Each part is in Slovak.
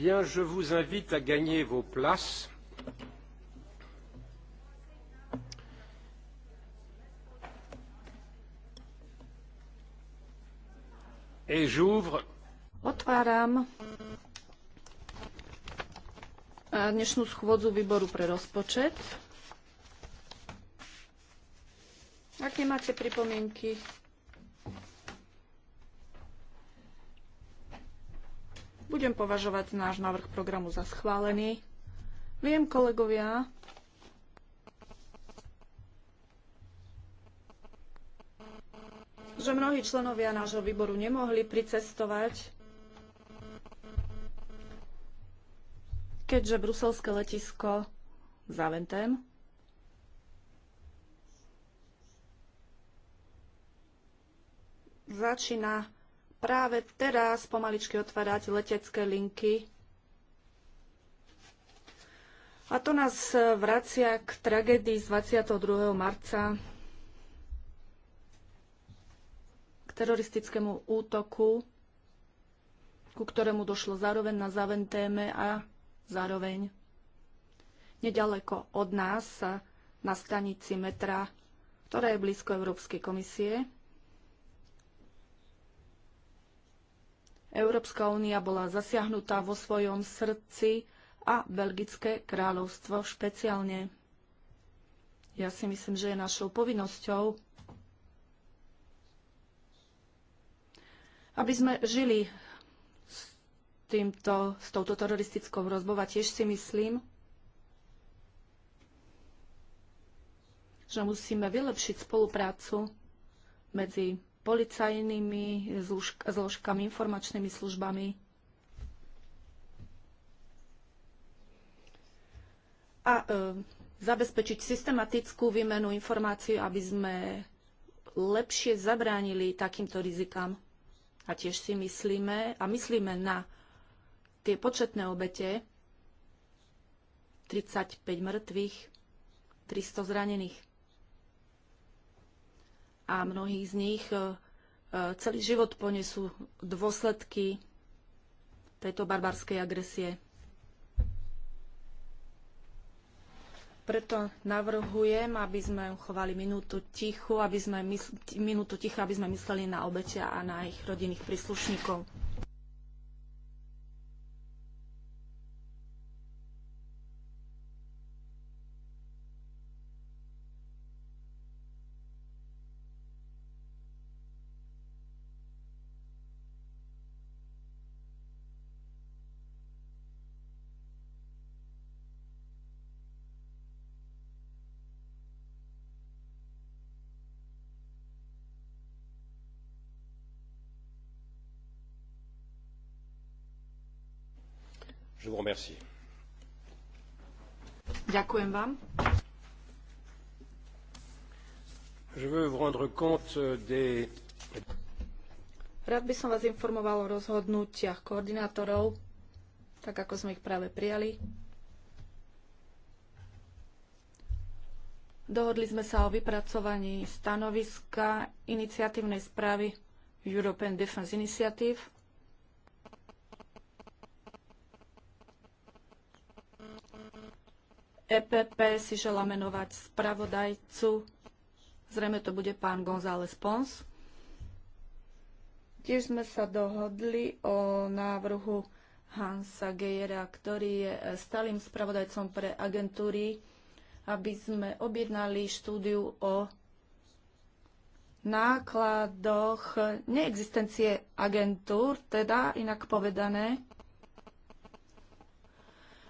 Bien, je vous invite à gagner vos places. Et j'ouvre. Otváram dnešnú schôdzu výboru pre rozpočet. Ak nemáte pripomienky, budem považovať náš návrh programu za schválený. Viem, kolegovia, že mnohí členovia nášho výboru nemohli pricestovať, keďže bruselské letisko Zaventem začína práve teraz pomaličky otvárať letecké linky. A to nás vracia k tragédii z 22. marca, k teroristickému útoku, ku ktorému došlo zároveň na Zaventéme a zároveň nedaleko od nás na stanici metra, ktorá je blízko Európskej komisie. Európska únia bola zasiahnutá vo svojom srdci a Belgické kráľovstvo špeciálne. Ja si myslím, že je našou povinnosťou, aby sme žili s, týmto, s touto teroristickou hrozbou a tiež si myslím, že musíme vylepšiť spoluprácu medzi policajnými zložkami, informačnými službami. A e, zabezpečiť systematickú výmenu informácií, aby sme lepšie zabránili takýmto rizikám. A tiež si myslíme, a myslíme na tie početné obete, 35 mŕtvych, 300 zranených a mnohí z nich e, e, celý život ponesú dôsledky tejto barbarskej agresie. Preto navrhujem, aby sme uchovali minútu, tichu, aby sme minútu ticha, aby sme mysleli na obete a na ich rodinných príslušníkov. vous remercie. Ďakujem vám. Je veux vous rendre compte des... Rád by som vás informoval o rozhodnutiach koordinátorov, tak ako sme ich práve prijali. Dohodli sme sa o vypracovaní stanoviska iniciatívnej správy European Defense Initiative EPP si žela menovať spravodajcu. Zrejme to bude pán González Pons. Tiež sme sa dohodli o návrhu Hansa Gejera, ktorý je stalým spravodajcom pre agentúry, aby sme objednali štúdiu o nákladoch neexistencie agentúr, teda inak povedané,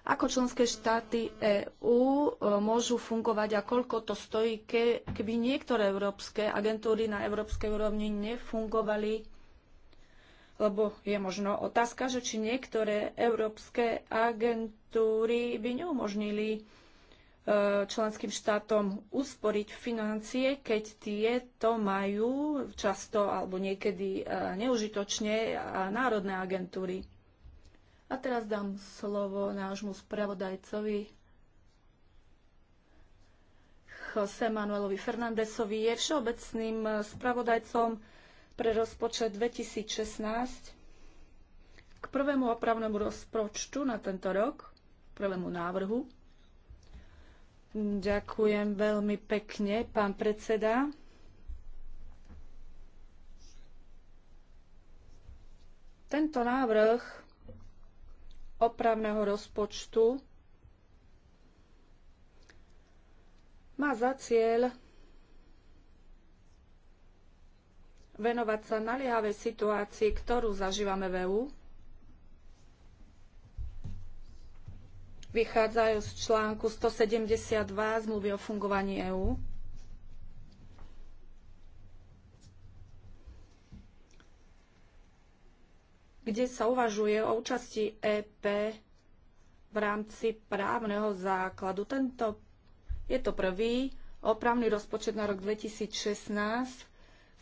ako členské štáty EÚ e, môžu fungovať a koľko to stojí, keby niektoré európske agentúry na európskej úrovni nefungovali? Lebo je možno otázka, že či niektoré európske agentúry by neumožnili e, členským štátom usporiť financie, keď tieto majú často alebo niekedy e, neužitočne národné agentúry. A teraz dám slovo nášmu spravodajcovi Jose Manuelovi Fernandesovi. Je všeobecným eh, spravodajcom pre rozpočet 2016 k prvému opravnému rozpočtu na tento rok, prvému návrhu. Ďakujem veľmi pekne, pán predseda. Tento návrh opravného rozpočtu má za cieľ venovať sa naliehavej situácii, ktorú zažívame v EÚ. Vychádzajú z článku 172 zmluvy o fungovaní EÚ. kde sa uvažuje o účasti EP v rámci právneho základu. Tento je to prvý opravný rozpočet na rok 2016.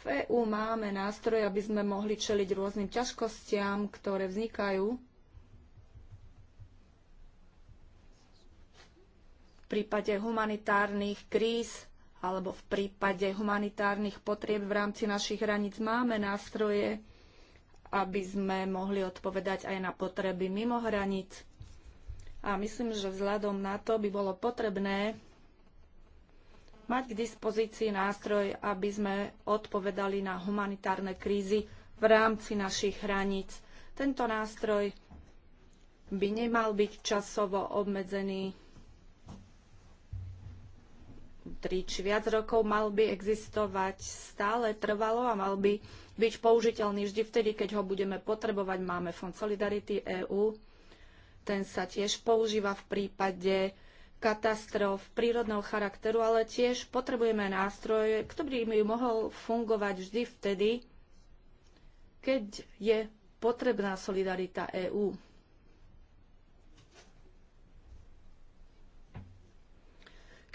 V EÚ máme nástroje, aby sme mohli čeliť rôznym ťažkostiam, ktoré vznikajú v prípade humanitárnych kríz alebo v prípade humanitárnych potrieb v rámci našich hraníc máme nástroje, aby sme mohli odpovedať aj na potreby mimo hraníc. A myslím, že vzhľadom na to by bolo potrebné mať k dispozícii nástroj, aby sme odpovedali na humanitárne krízy v rámci našich hraníc. Tento nástroj by nemal byť časovo obmedzený tri či viac rokov, mal by existovať stále trvalo a mal by byť použiteľný vždy vtedy, keď ho budeme potrebovať. Máme Fond Solidarity EÚ, ten sa tiež používa v prípade katastrof prírodného charakteru, ale tiež potrebujeme nástroj, ktorý by mohol fungovať vždy vtedy, keď je potrebná solidarita EÚ.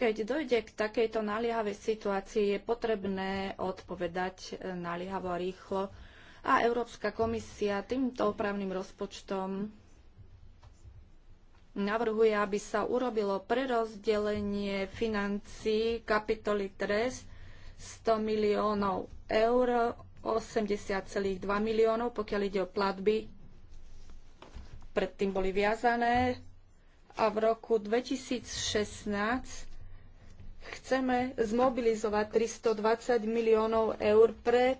Keď dojde k takejto naliehavej situácii, je potrebné odpovedať e, naliehavo a rýchlo. A Európska komisia týmto opravným rozpočtom navrhuje, aby sa urobilo prerozdelenie financií kapitoly trest 100 miliónov eur, 80,2 miliónov, pokiaľ ide o platby. Predtým boli viazané a v roku 2016 Chceme zmobilizovať 320 miliónov eur pre eh,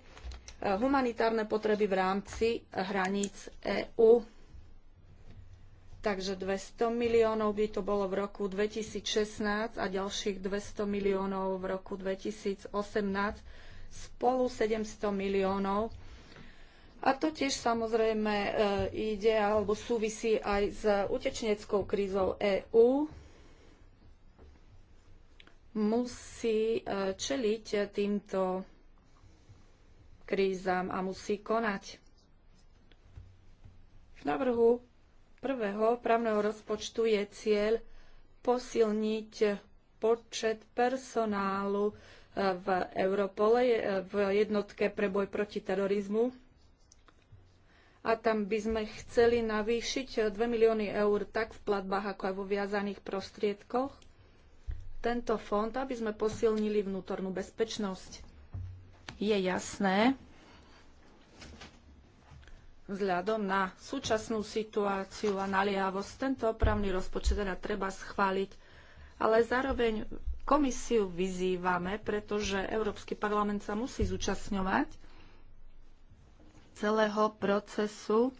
humanitárne potreby v rámci hraníc EÚ. Takže 200 miliónov by to bolo v roku 2016 a ďalších 200 miliónov v roku 2018, spolu 700 miliónov. A to tiež samozrejme eh, ide alebo súvisí aj s utečneckou krízou EÚ musí e, čeliť týmto krízam a musí konať. V návrhu prvého právneho rozpočtu je cieľ posilniť počet personálu e, v Europole, e, v jednotke pre boj proti terorizmu. A tam by sme chceli navýšiť 2 milióny eur tak v platbách, ako aj vo viazaných prostriedkoch tento fond, aby sme posilnili vnútornú bezpečnosť. Je jasné, vzhľadom na súčasnú situáciu a naliehavosť, tento opravný rozpočet teda treba schváliť, ale zároveň komisiu vyzývame, pretože Európsky parlament sa musí zúčastňovať celého procesu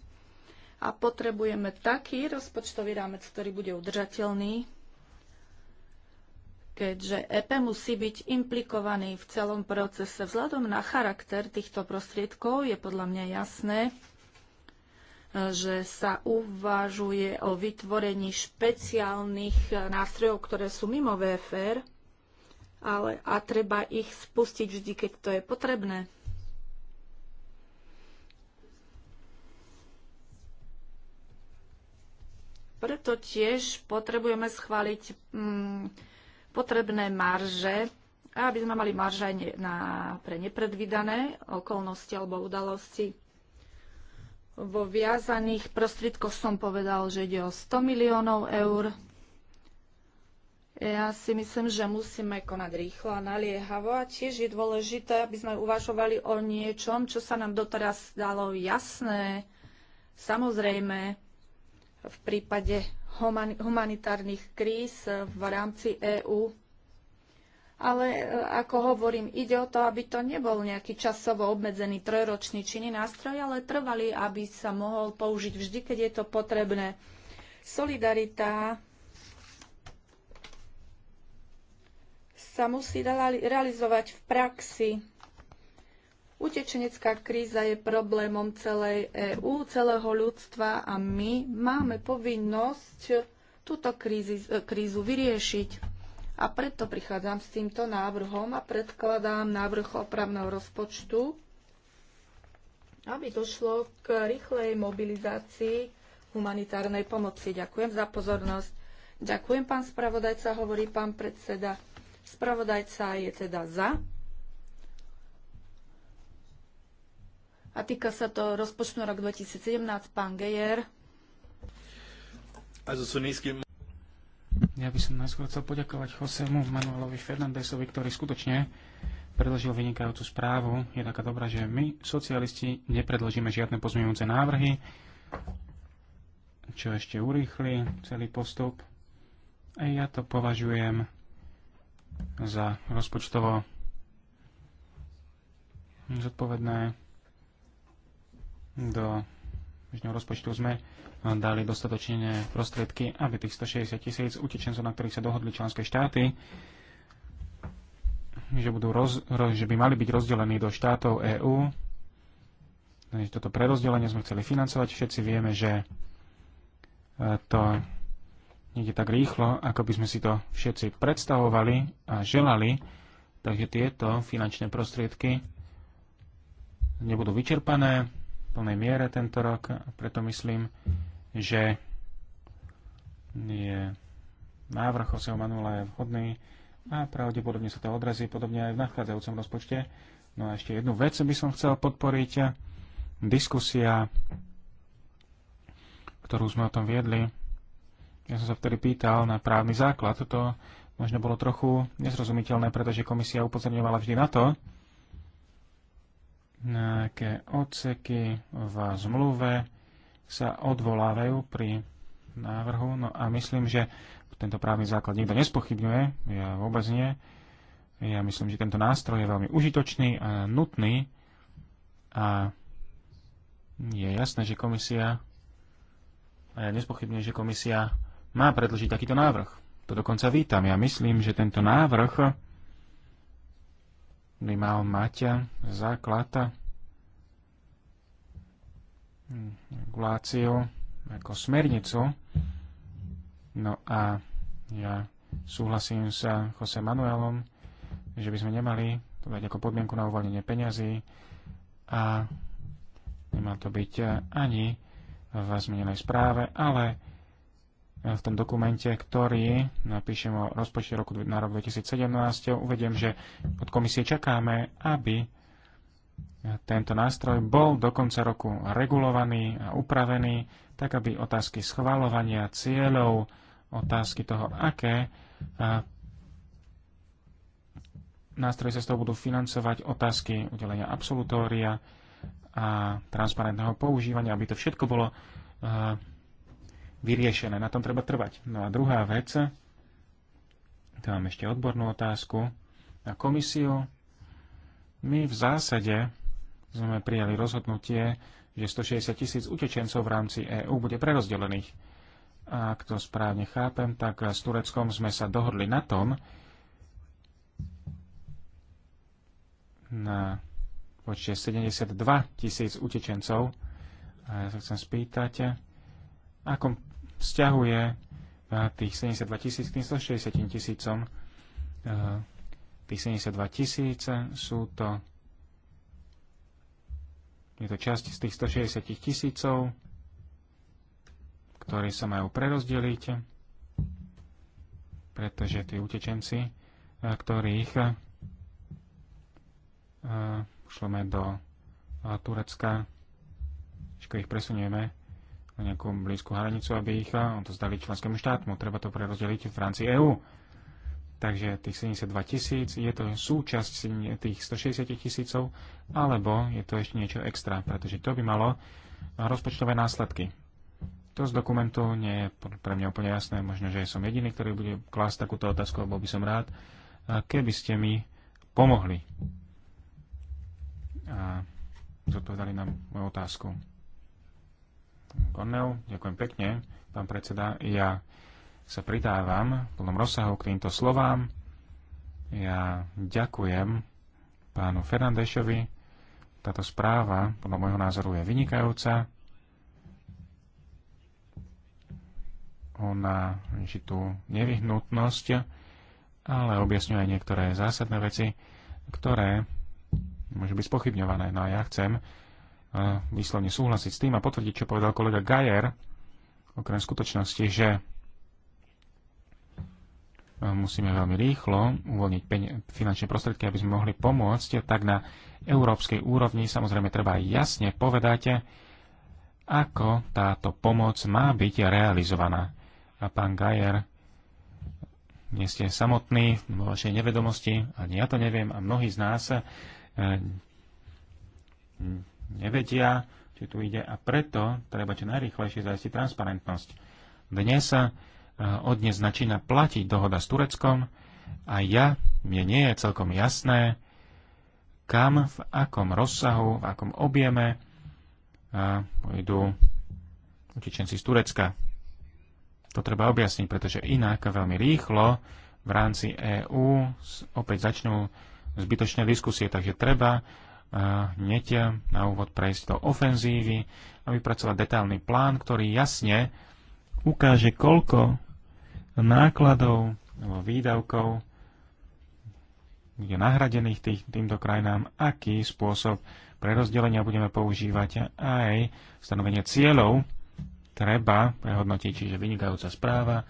a potrebujeme taký rozpočtový rámec, ktorý bude udržateľný, keďže EP musí byť implikovaný v celom procese. Vzhľadom na charakter týchto prostriedkov je podľa mňa jasné, že sa uvažuje o vytvorení špeciálnych nástrojov, ktoré sú mimo VFR, ale a treba ich spustiť vždy, keď to je potrebné. Preto tiež potrebujeme schváliť mm, potrebné marže, aby sme mali marže aj na, pre nepredvídané okolnosti alebo udalosti. Vo viazaných prostriedkoch som povedal, že ide o 100 miliónov eur. Ja si myslím, že musíme konať rýchlo a naliehavo a tiež je dôležité, aby sme uvažovali o niečom, čo sa nám doteraz dalo jasné. Samozrejme, v prípade humanitárnych kríz v rámci EÚ. Ale e, ako hovorím, ide o to, aby to nebol nejaký časovo obmedzený trojročný činný nástroj, ale trvalý, aby sa mohol použiť vždy, keď je to potrebné. Solidarita sa musí realizovať v praxi Utečenecká kríza je problémom celej EÚ, celého ľudstva a my máme povinnosť túto krízi, e, krízu vyriešiť. A preto prichádzam s týmto návrhom a predkladám návrh opravného rozpočtu, aby došlo k rýchlej mobilizácii humanitárnej pomoci. Ďakujem za pozornosť. Ďakujem, pán spravodajca, hovorí pán predseda. Spravodajca je teda za a týka sa to rozpočtu rok 2017, pán Gejer. Ja by som najskôr chcel poďakovať Josemu Manuelovi Fernandesovi, ktorý skutočne predložil vynikajúcu správu. Je taká dobrá, že my, socialisti, nepredložíme žiadne pozmeňujúce návrhy, čo ešte urýchli celý postup. A ja to považujem za rozpočtovo zodpovedné do bežného rozpočtu sme dali dostatočne prostriedky, aby tých 160 tisíc utečencov, na ktorých sa dohodli členské štáty, že, budú roz, roz, že by mali byť rozdelení do štátov EÚ. Toto prerozdelenie sme chceli financovať. Všetci vieme, že e, to nejde tak rýchlo, ako by sme si to všetci predstavovali a želali. Takže tieto finančné prostriedky nebudú vyčerpané plnej miere tento rok a preto myslím, že je návrh Joseho Manuela je vhodný a pravdepodobne sa to odrazí podobne aj v nachádzajúcom rozpočte. No a ešte jednu vec by som chcel podporiť. Diskusia, ktorú sme o tom viedli. Ja som sa vtedy pýtal na právny základ. To možno bolo trochu nezrozumiteľné, pretože komisia upozorňovala vždy na to, nejaké odseky v zmluve sa odvolávajú pri návrhu. No a myslím, že tento právny základ nikto nespochybňuje, ja vôbec nie. Ja myslím, že tento nástroj je veľmi užitočný a nutný a je jasné, že komisia a ja nespochybňujem, že komisia má predložiť takýto návrh. To dokonca vítam. Ja myslím, že tento návrh by mal mať eh, základ eh, reguláciu ako smernicu. No a ja súhlasím sa eh, Jose Manuelom, že by sme nemali to dať ako podmienku na uvoľnenie peňazí a nemá to byť ani v zmenenej správe, ale v tom dokumente, ktorý napíšem o rozpočte roku na rok 2017, uvediem, že od komisie čakáme, aby tento nástroj bol do konca roku regulovaný a upravený, tak aby otázky schvalovania cieľov, otázky toho, aké nástroje sa z toho budú financovať, otázky udelenia absolutória a transparentného používania, aby to všetko bolo vyriešené. Na tom treba trvať. No a druhá vec, tu mám ešte odbornú otázku na komisiu. My v zásade sme prijali rozhodnutie, že 160 tisíc utečencov v rámci EÚ bude prerozdelených. A ak to správne chápem, tak s Tureckom sme sa dohodli na tom, na počte 72 tisíc utečencov. A ja sa chcem spýtať, akom vzťahuje eh, tých 72 tisíc k tým 160 tisícom. Eh, tých 72 tisíc sú to je to časť z tých 160 tisícov, ktorí sa majú prerozdeliť, pretože tí utečenci, eh, ktorých šlome do Turecka, ich presunieme na nejakú blízku hranicu, aby ich eh, zdali členskému štátmu. Treba to prerozdeliť v rámci EÚ. Takže tých 72 tisíc, je to súčasť tých 160 tisícov, alebo je to ešte niečo extra, pretože to by malo rozpočtové následky. To z dokumentu nie je pre mňa úplne jasné, možno, že som jediný, ktorý bude klásť takúto otázku, bol by som rád, eh, keby ste mi pomohli. A zodpovedali nám moju otázku. Kornel, ďakujem pekne. Pán predseda, ja sa pridávam v plnom rozsahu k týmto slovám. Ja ďakujem pánu Fernandešovi. Táto správa, podľa môjho názoru, je vynikajúca. Ona rieši tú nevyhnutnosť, ale objasňuje aj niektoré zásadné veci, ktoré môžu byť spochybňované. No a ja chcem vyslovne súhlasiť s tým a potvrdiť, čo povedal kolega Gajer, okrem skutočnosti, že musíme veľmi rýchlo uvoľniť finančné prostriedky, aby sme mohli pomôcť, tak na európskej úrovni samozrejme treba jasne povedať, ako táto pomoc má byť realizovaná. A pán Gajer, nie ste samotní vo vašej nevedomosti, ani ja to neviem, a mnohí z nás eh, nevedia, čo tu ide a preto treba čo najrýchlejšie zajistiť transparentnosť. Dnes sa eh, od dnes začína platiť dohoda s Tureckom a ja, mne nie je celkom jasné, kam, v akom rozsahu, v akom objeme eh, pôjdu utečenci z Turecka. To treba objasniť, pretože inak veľmi rýchlo v rámci EÚ opäť začnú zbytočné diskusie, takže treba hneď na úvod prejsť do ofenzívy a vypracovať detailný plán, ktorý jasne ukáže, koľko nákladov alebo výdavkov bude nahradených tých, týmto krajinám, aký spôsob prerozdelenia budeme používať aj stanovenie cieľov treba prehodnotiť, čiže vynikajúca správa,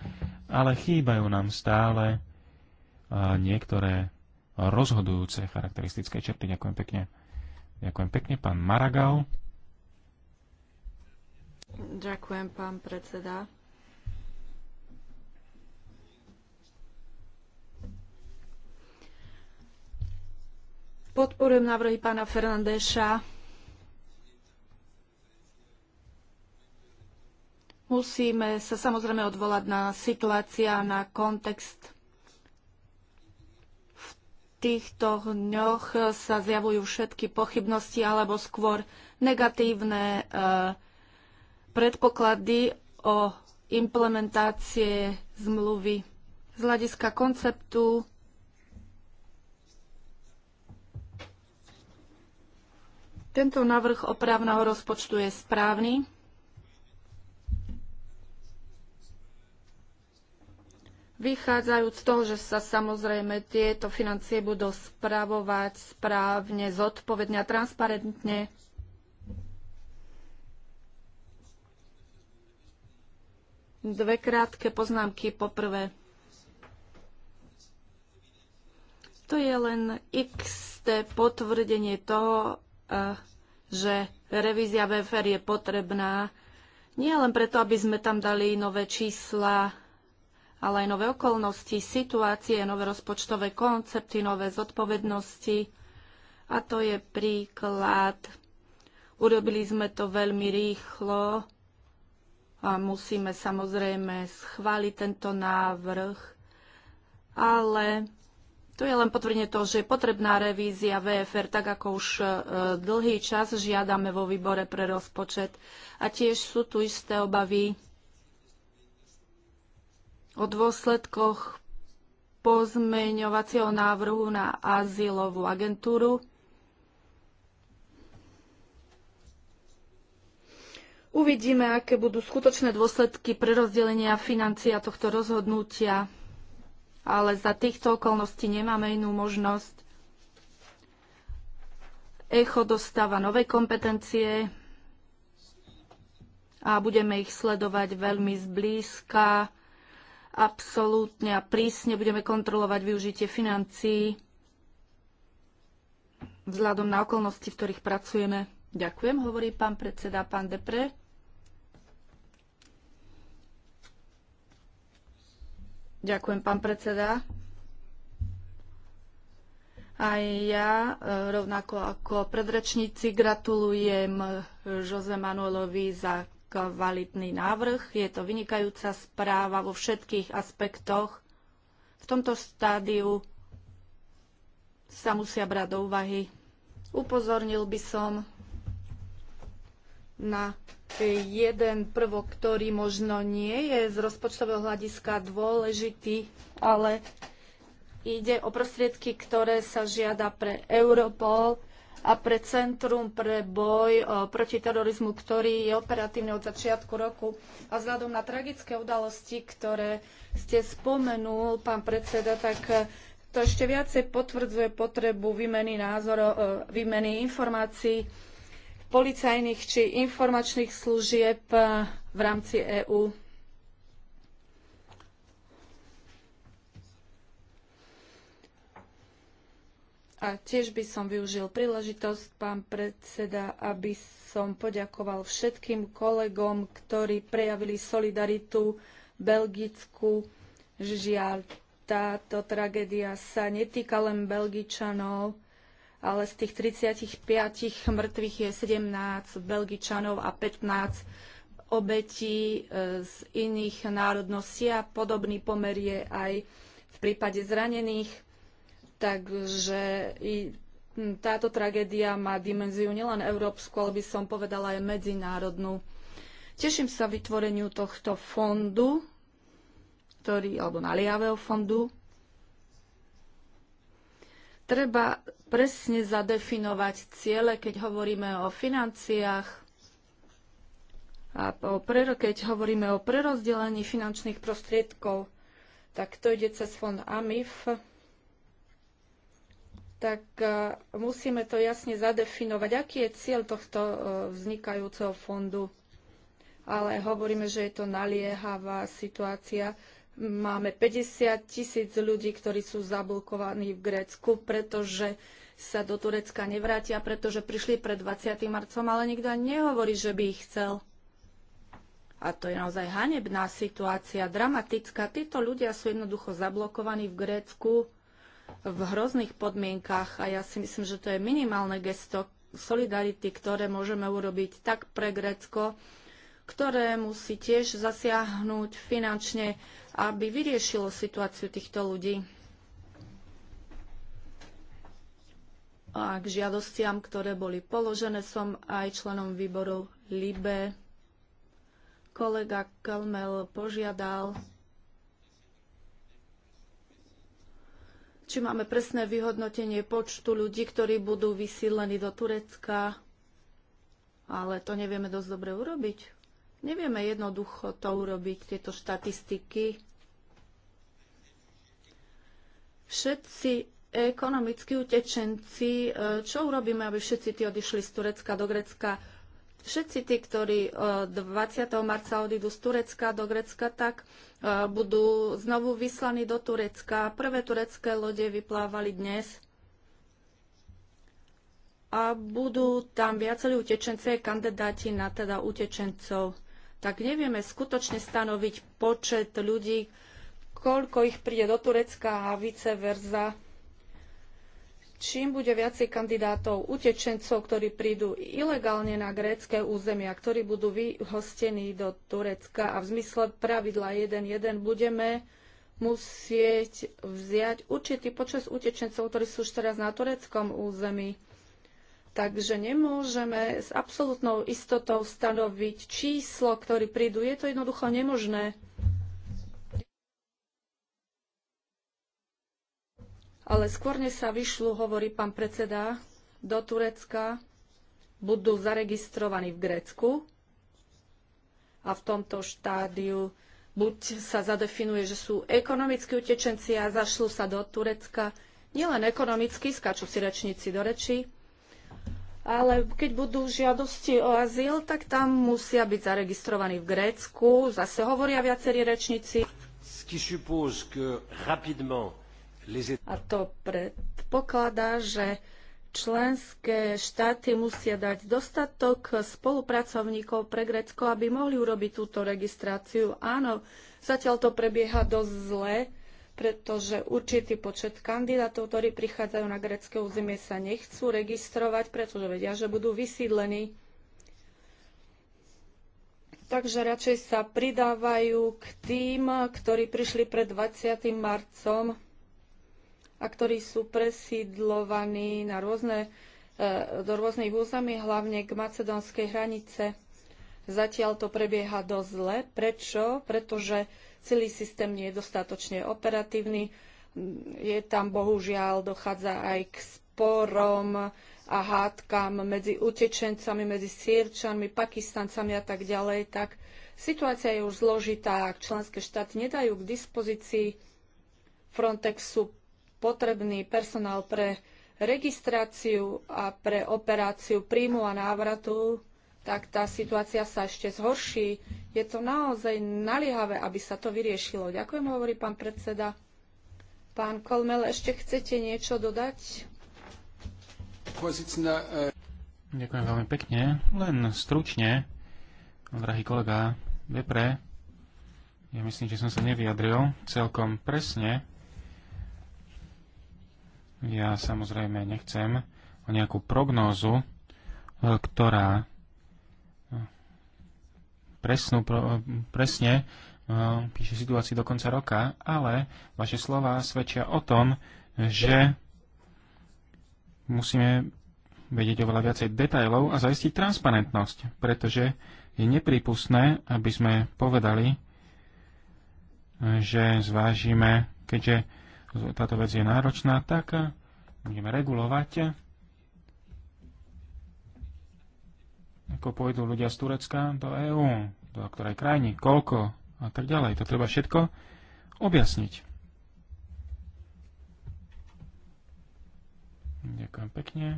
ale chýbajú nám stále niektoré rozhodujúce charakteristické črty. Ďakujem pekne. Ďakujem pekne, pán Maragal. Ďakujem, pán predseda. Podporujem návrhy pána Fernandéša. Musíme sa samozrejme odvolať na situácia, na kontext týchto dňoch sa zjavujú všetky pochybnosti alebo skôr negatívne eh, predpoklady o implementácie zmluvy. Z hľadiska konceptu tento návrh opravného rozpočtu je správny. Vychádzajúc z toho, že sa samozrejme tieto financie budú spravovať správne, zodpovedne a transparentne, Dve krátke poznámky. Poprvé, to je len XT potvrdenie toho, eh, že revízia VFR je potrebná. Nie len preto, aby sme tam dali nové čísla, ale aj nové okolnosti, situácie, nové rozpočtové koncepty, nové zodpovednosti. A to je príklad. Urobili sme to veľmi rýchlo a musíme samozrejme schváliť tento návrh, ale to je len potvrdenie toho, že je potrebná revízia VFR, tak ako už e, dlhý čas žiadame vo výbore pre rozpočet. A tiež sú tu isté obavy o dôsledkoch pozmeňovacieho návrhu na azylovú agentúru. Uvidíme, aké budú skutočné dôsledky pre rozdelenia financia tohto rozhodnutia, ale za týchto okolností nemáme inú možnosť. ECHO dostáva nové kompetencie a budeme ich sledovať veľmi zblízka absolútne a prísne budeme kontrolovať využitie financií vzhľadom na okolnosti, v ktorých pracujeme. Ďakujem, hovorí pán predseda, pán Depre. Ďakujem, pán predseda. Aj ja, e, rovnako ako predrečníci, gratulujem Jose Manuelovi za kvalitný návrh. Je to vynikajúca správa vo všetkých aspektoch. V tomto stádiu sa musia brať do úvahy. Upozornil by som na jeden prvok, ktorý možno nie je z rozpočtového hľadiska dôležitý, ale ide o prostriedky, ktoré sa žiada pre Europol a pre Centrum pre boj e, proti terorizmu, ktorý je operatívny od začiatku roku. A vzhľadom na tragické udalosti, ktoré ste spomenul, pán predseda, tak e, to ešte viacej potvrdzuje potrebu výmeny názorov, e, výmeny informácií policajných či informačných služieb v rámci EÚ. A tiež by som využil príležitosť, pán predseda, aby som poďakoval všetkým kolegom, ktorí prejavili solidaritu Belgicku. Žiaľ, táto tragédia sa netýka len Belgičanov, ale z tých 35 mŕtvych je 17 Belgičanov a 15 obetí e, z iných národností a podobný pomer je aj v prípade zranených Takže i táto tragédia má dimenziu nielen európsku, ale by som povedala aj medzinárodnú. Teším sa vytvoreniu tohto fondu, ktorý, alebo naliavého fondu. Treba presne zadefinovať ciele, keď hovoríme o financiách a o keď hovoríme o prerozdelení finančných prostriedkov, tak to ide cez fond AMIF tak e, musíme to jasne zadefinovať, aký je cieľ tohto e, vznikajúceho fondu. Ale hovoríme, že je to naliehavá situácia. Máme 50 tisíc ľudí, ktorí sú zablokovaní v Grécku, pretože sa do Turecka nevrátia, pretože prišli pred 20. marcom, ale nikto ani nehovorí, že by ich chcel. A to je naozaj hanebná situácia, dramatická. Títo ľudia sú jednoducho zablokovaní v Grécku v hrozných podmienkach a ja si myslím, že to je minimálne gesto solidarity, ktoré môžeme urobiť tak pre Grécko, ktoré musí tiež zasiahnuť finančne, aby vyriešilo situáciu týchto ľudí. A k žiadostiam, ktoré boli položené, som aj členom výboru LIBE. Kolega Kalmel požiadal či máme presné vyhodnotenie počtu ľudí, ktorí budú vysídlení do Turecka, ale to nevieme dosť dobre urobiť. Nevieme jednoducho to urobiť, tieto štatistiky. Všetci ekonomickí utečenci, e, čo urobíme, aby všetci tí odišli z Turecka do Grecka? Všetci tí, ktorí 20. E, marca odídu z Turecka do Grecka, tak e, budú znovu vyslaní do Turecka. Prvé turecké lode vyplávali dnes a budú tam viacerí utečenci a kandidáti na teda utečencov. Tak nevieme skutočne stanoviť počet ľudí, koľko ich príde do Turecka a vice versa čím bude viacej kandidátov, utečencov, ktorí prídu ilegálne na grécké územia, ktorí budú vyhostení do Turecka a v zmysle pravidla 1.1 budeme musieť vziať určitý počas utečencov, ktorí sú už teraz na tureckom území. Takže nemôžeme s absolútnou istotou stanoviť číslo, ktorí prídu. Je to jednoducho nemožné. Ale skôr než sa vyšľú, hovorí pán predseda, do Turecka budú zaregistrovaní v Grécku a v tomto štádiu buď sa zadefinuje, že sú ekonomickí utečenci a zašlú sa do Turecka, nielen ekonomicky, skačú si rečníci do reči, ale keď budú žiadosti o azyl, tak tam musia byť zaregistrovaní v Grécku. Zase hovoria viacerí rečníci. Ce qui suppose que rapidement a to predpokladá, že členské štáty musia dať dostatok spolupracovníkov pre Grécko, aby mohli urobiť túto registráciu. Áno, zatiaľ to prebieha dosť zle, pretože určitý počet kandidátov, ktorí prichádzajú na grecké územie, sa nechcú registrovať, pretože vedia, že budú vysídlení. Takže radšej sa pridávajú k tým, ktorí prišli pred 20. marcom a ktorí sú presídlovaní na rôzne, e, do rôznych území, hlavne k macedónskej hranice. Zatiaľ to prebieha dosť zle. Prečo? Pretože celý systém nie je dostatočne operatívny. Je tam bohužiaľ, dochádza aj k sporom a hádkam medzi utečencami, medzi sírčanmi, pakistancami a tak ďalej, tak situácia je už zložitá, ak členské štáty nedajú k dispozícii Frontexu potrebný personál pre registráciu a pre operáciu príjmu a návratu, tak tá situácia sa ešte zhorší. Je to naozaj naliehavé, aby sa to vyriešilo. Ďakujem, hovorí pán predseda. Pán Kolmel, ešte chcete niečo dodať? E- Ďakujem veľmi pekne. Len stručne, drahý kolega Vepre, ja myslím, že som sa nevyjadril celkom presne ja samozrejme nechcem o nejakú prognózu, e, ktorá e, presnú, e, presne píše situácii do konca roka, ale vaše slova svedčia o tom, že musíme vedieť oveľa viacej detajlov a zaistiť transparentnosť, pretože je neprípustné, aby sme povedali, že zvážime, keďže táto vec je náročná, tak eh, budeme regulovať. Eh, ako pôjdu ľudia z Turecka do EÚ, do ktorej krajiny, koľko a tak ďalej. To treba všetko objasniť. Ďakujem pekne.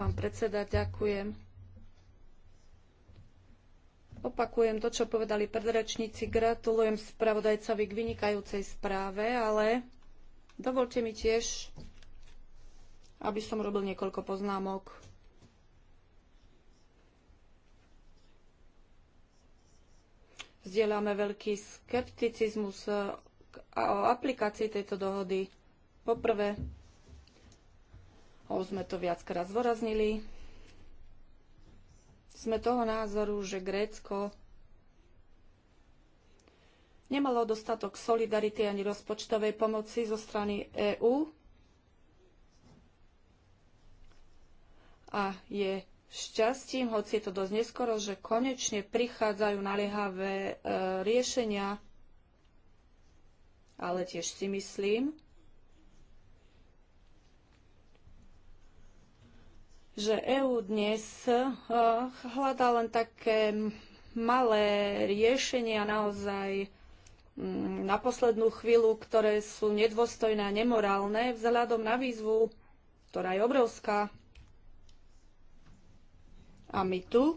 Pán predseda, ďakujem. Opakujem to, čo povedali predrečníci. Gratulujem spravodajcovi k vynikajúcej správe, ale dovolte mi tiež, aby som robil niekoľko poznámok. Vzdielame veľký skepticizmus o aplikácii tejto dohody. Poprvé, už sme to viackrát zvoraznili, sme toho názoru, že Grécko nemalo dostatok solidarity ani rozpočtovej pomoci zo strany EÚ a je šťastím, hoci je to dosť neskoro, že konečne prichádzajú naliehavé e, riešenia, ale tiež si myslím, že EÚ dnes eh, hľadá len také malé riešenia naozaj mm, na poslednú chvíľu, ktoré sú nedôstojné a nemorálne vzhľadom na výzvu, ktorá je obrovská. A my tu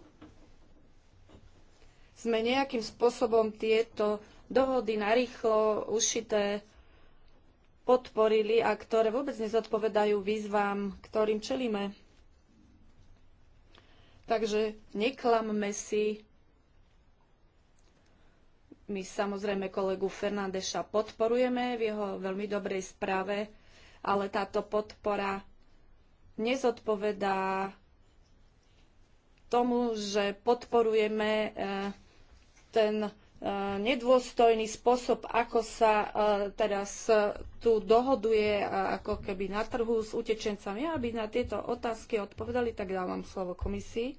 sme nejakým spôsobom tieto dohody narýchlo ušité podporili a ktoré vôbec nezodpovedajú výzvam, ktorým čelíme. Takže neklamme si. My samozrejme kolegu Fernandeša podporujeme v jeho veľmi dobrej správe, ale táto podpora nezodpovedá tomu, že podporujeme eh, ten nedôstojný spôsob, ako sa e, teraz tu dohoduje ako keby na trhu s utečencami. by na tieto otázky odpovedali, tak dávam slovo komisii.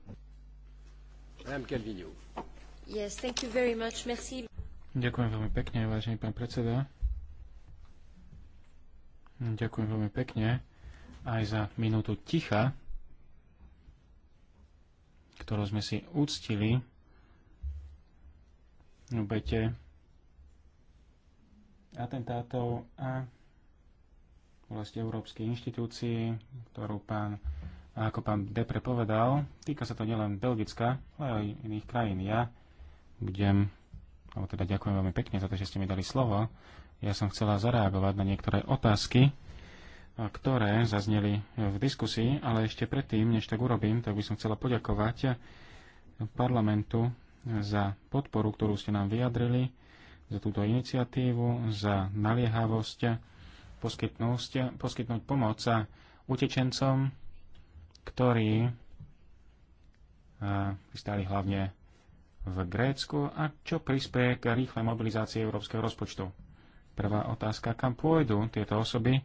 Yes, thank you very much. Merci. Ďakujem veľmi pekne, vážený pán predseda. Ďakujem veľmi pekne aj za minútu ticha, ktorú sme si uctili obete atentátov a vlastne európskej inštitúcii, ktorú pán, ako pán Depre povedal, týka sa to nielen Belgicka, ale aj iných krajín. Ja budem, alebo teda ďakujem veľmi pekne za to, že ste mi dali slovo. Ja som chcela zareagovať na niektoré otázky, ktoré zazneli v diskusii, ale ešte predtým, než tak urobím, tak by som chcela poďakovať parlamentu za podporu, ktorú ste nám vyjadrili, za túto iniciatívu, za naliehavosť poskytnúť, poskytnúť pomoc utečencom, ktorí pristali hlavne v Grécku a čo prispieje k rýchlej mobilizácii európskeho rozpočtu. Prvá otázka, kam pôjdu tieto osoby?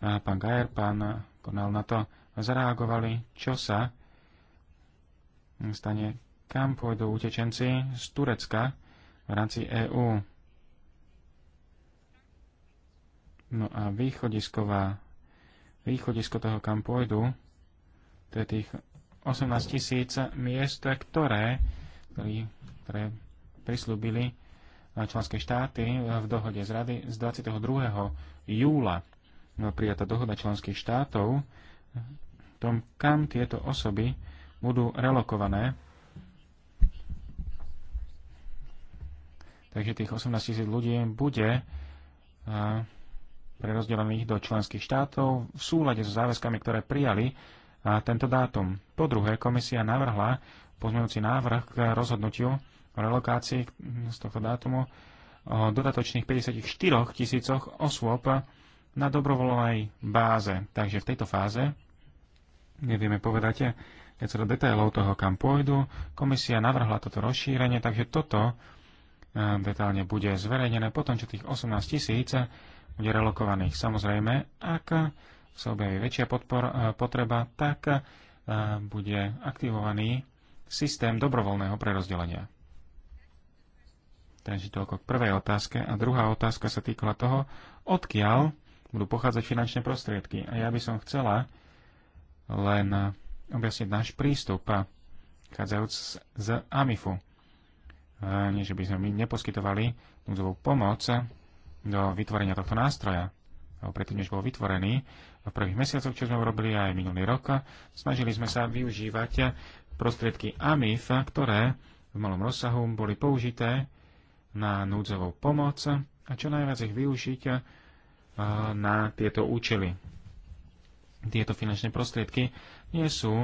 Pán Gajer, pán Konal na to zareagovali, čo sa stane kam pôjdu utečenci z Turecka v rámci EÚ. No a východisková, východisko toho, kam pôjdu, to je tých 18 tisíc miest, ktoré, ktoré, ktoré prislúbili eh, členské štáty eh, v dohode z rady z 22. júla. No, prijatá dohoda členských štátov eh, tom, kam tieto osoby budú relokované Takže tých 18 tisíc ľudí bude eh, prerozdelených do členských štátov v súlade so záväzkami, ktoré prijali tento dátum. Po druhé, komisia navrhla pozmeňujúci návrh k rozhodnutiu o relokácii z tohto dátumu o dodatočných 54 tisícoch osôb na dobrovoľnej báze. Takže v tejto fáze nevieme povedať do detailov toho, kam pôjdu. Komisia navrhla toto rozšírenie, takže toto E, detálne bude zverejnené potom, čo tých 18 tisíc bude relokovaných. Samozrejme, ak sa objaví väčšia podpor, e, potreba, tak e, bude aktivovaný systém dobrovoľného prerozdelenia. Takže toľko k prvej otázke. A druhá otázka sa týkala toho, odkiaľ budú pochádzať finančné prostriedky. A ja by som chcela len objasniť náš prístup, chádzajúc z AMIFu nie že by sme my neposkytovali núdzovú pomoc do vytvorenia tohto nástroja. Predtým, než bol vytvorený, v prvých mesiacoch, čo sme urobili aj minulý rok, snažili sme sa využívať prostriedky AMIF, ktoré v malom rozsahu boli použité na núdzovú pomoc a čo najviac ich využiť na tieto účely. Tieto finančné prostriedky nie sú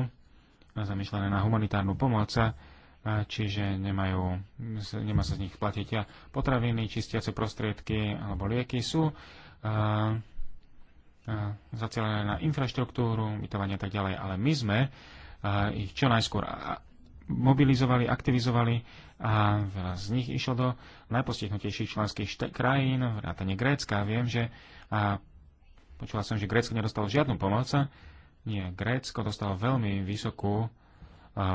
zamýšľané na humanitárnu pomoc, čiže nemajú, nemá sa z nich platiť a potraviny, čistiace prostriedky alebo lieky sú zacielené na infraštruktúru, vytovanie a tak ďalej, ale my sme ich čo najskôr mobilizovali, aktivizovali a veľa z nich išlo do najpostihnutejších členských krajín, vrátane Grécka. Viem, že a počula som, že Grécko nedostalo žiadnu pomoc. Nie, Grécko dostalo veľmi vysokú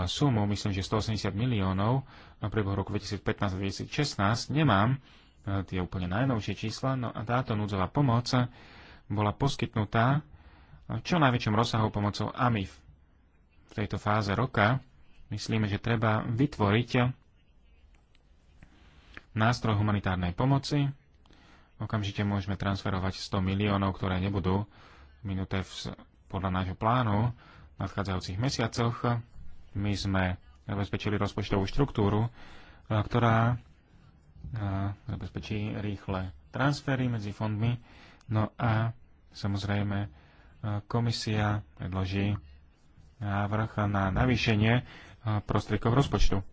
sumu, myslím, že 180 miliónov na priebehu roku 2015-2016, nemám e, tie úplne najnovšie čísla, no a táto núdzová pomoc bola poskytnutá v čo najväčšom rozsahu pomocou AMIF. V tejto fáze roka myslíme, že treba vytvoriť nástroj humanitárnej pomoci. Okamžite môžeme transferovať 100 miliónov, ktoré nebudú minuté v, podľa nášho plánu v nadchádzajúcich mesiacoch my sme zabezpečili rozpočtovú štruktúru, e, ktorá e, zabezpečí rýchle transfery medzi fondmi. No a samozrejme e, komisia predloží návrh na navýšenie prostriedkov rozpočtu.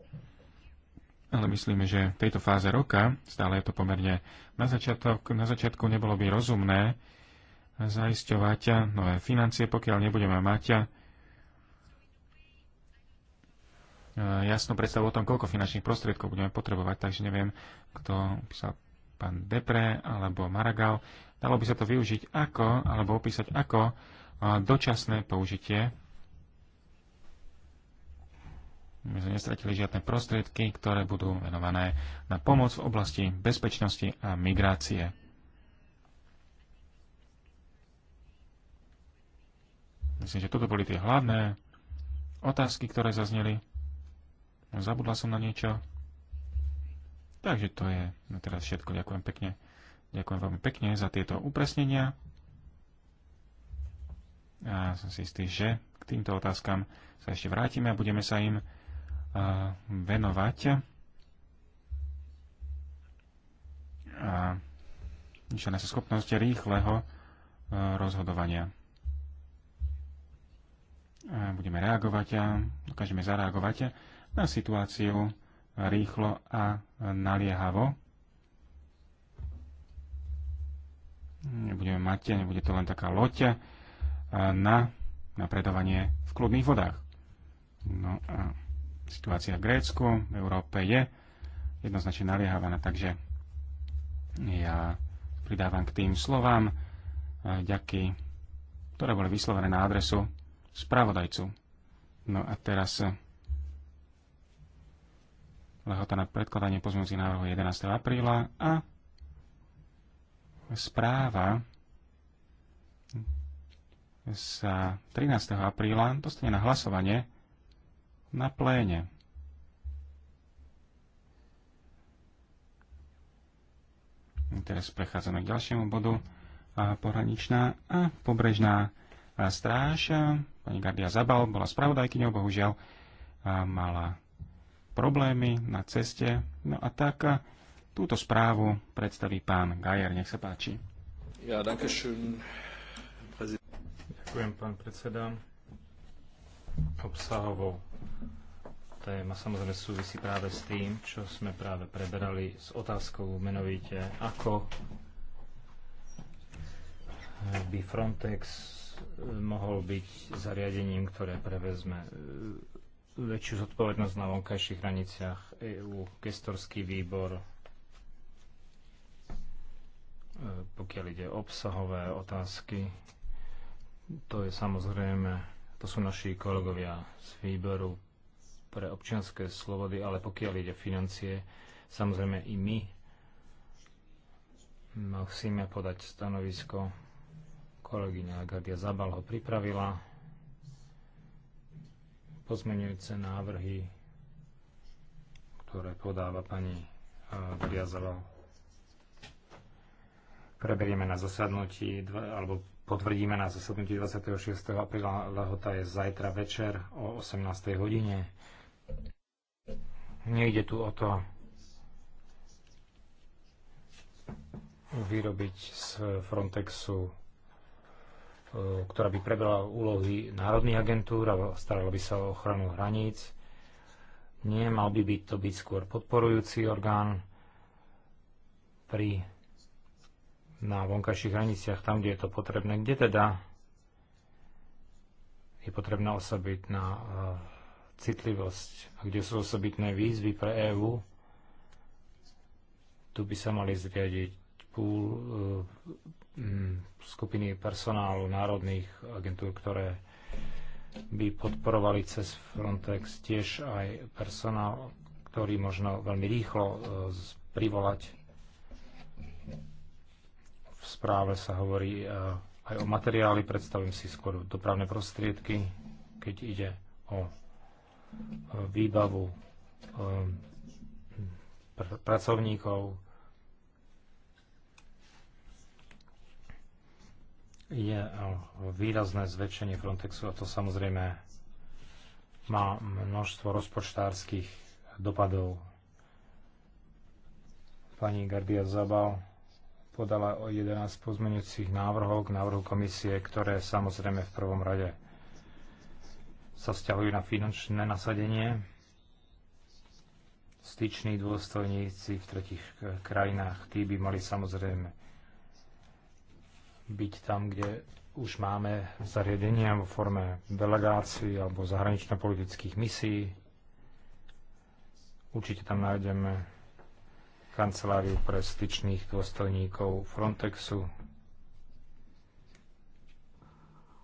Ale myslíme, že v tejto fáze roka, stále je to pomerne na, začiatok, na začiatku, nebolo by rozumné zaisťovať nové financie, pokiaľ nebudeme mať Eh, jasnú predstavu o tom, koľko finančných prostriedkov budeme potrebovať, takže neviem, kto písal pán Depre alebo Maragal. Dalo by sa to využiť ako, alebo opísať ako eh, dočasné použitie. My sme nestratili žiadne prostriedky, ktoré budú venované na pomoc v oblasti bezpečnosti a migrácie. Myslím, že toto boli tie hlavné otázky, ktoré zazneli. Zabudla som na niečo. Takže to je no teraz všetko. Ďakujem pekne. Ďakujem veľmi pekne za tieto upresnenia. A som si istý, že k týmto otázkam sa ešte vrátime a budeme sa im uh, venovať. A ničená sa schopnosť rýchleho uh, rozhodovania. A budeme reagovať a dokážeme zareagovať na situáciu rýchlo a naliehavo. Nebudeme mať, nebude to len taká loťa eh, na napredovanie v kľudných vodách. No a situácia v Grécku, v Európe je jednoznačne naliehavaná, takže ja pridávam k tým slovám eh, ďaky, ktoré boli vyslovené na adresu spravodajcu. No a teraz eh, Lehota na predkladanie pozmúci návrhu 11. apríla a správa sa 13. apríla dostane na hlasovanie na pléne. Teraz prechádzame k ďalšiemu bodu. A a pobrežná stráž. Pani Gardia Zabal bola spravodajkyňou, bohužiaľ mala problémy na ceste. No a tak eh, túto správu predstaví pán Gajer. Nech sa páči. Ja, dankeschön. Ďakujem, pán predseda. Obsahovo téma samozrejme súvisí práve s tým, čo sme práve preberali s otázkou menovite, ako by Frontex eh, mohol byť zariadením, ktoré prevezme eh, väčšiu zodpovednosť na vonkajších hraniciach EÚ, gestorský výbor, e, pokiaľ ide obsahové otázky. To je samozrejme, to sú naši kolegovia z výboru pre občianské slobody, ale pokiaľ ide financie, samozrejme i my musíme podať stanovisko. Kolegyňa Gardia Zabal ho pripravila Pozmenujúce návrhy, ktoré podáva pani Dariazová, preberieme na zasadnutí, alebo potvrdíme na zasadnutí 26. apríla. Lehota je zajtra večer o 18. hodine. Nejde tu o to vyrobiť z Frontexu E, ktorá by prebrala úlohy národných agentúr a starala by sa o ochranu hraníc. Nie, mal by byť to byť skôr podporujúci orgán pri na vonkajších hraniciach, tam, kde je to potrebné. Kde teda je potrebná osobitná uh, citlivosť a kde sú osobitné výzvy pre EÚ, tu by sa mali zriadiť púl eh, mm, skupiny personálu národných agentúr, ktoré by podporovali cez Frontex tiež aj personál, ktorý možno veľmi rýchlo eh, privolať. V správe sa hovorí eh, aj o materiáli, predstavím si skôr dopravné prostriedky, keď ide o výbavu pracovníkov, je eh, výrazné zväčšenie Frontexu a to samozrejme má množstvo rozpočtárskych dopadov. Pani Gardia Zabal podala o 11 pozmeňujúcich návrhov k návrhu komisie, ktoré samozrejme v prvom rade sa vzťahujú na finančné nasadenie styční dôstojníci v tretich eh, krajinách, tí by mali samozrejme byť tam, kde už máme zariadenia vo forme delegácií alebo zahranično-politických misií. Určite tam nájdeme kanceláriu pre styčných dôstojníkov Frontexu.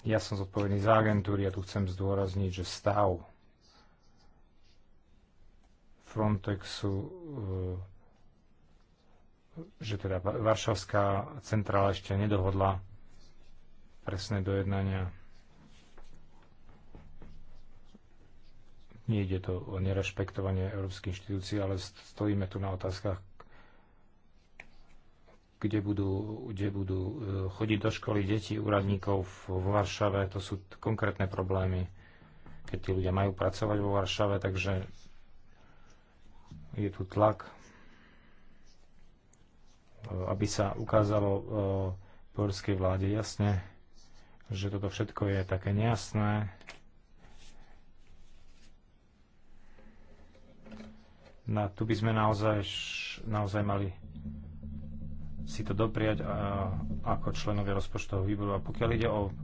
Ja som zodpovedný za agentúry a tu chcem zdôrazniť, že stav Frontexu e, že teda Varšavská centrála ešte nedohodla presné dojednania. Nie ide to o nerešpektovanie európskych inštitúcií, ale stojíme tu na otázkach, kde budú, kde budú e, chodiť do školy deti úradníkov vo Varšave. To sú konkrétne problémy, keď tí ľudia majú pracovať vo Varšave, takže je tu tlak Eh, aby sa ukázalo eh, polskej vláde jasne, že toto všetko je také nejasné. Na, tu by sme naozaj, naozaj mali si to dopriať a, eh, ako členovia rozpočtového výboru. A pokiaľ ide o